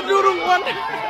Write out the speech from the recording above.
topluyorum lan.